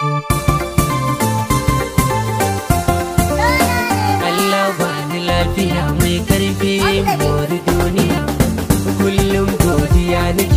Allah ba lafiya mai karfi mori duniya kullum godiya ne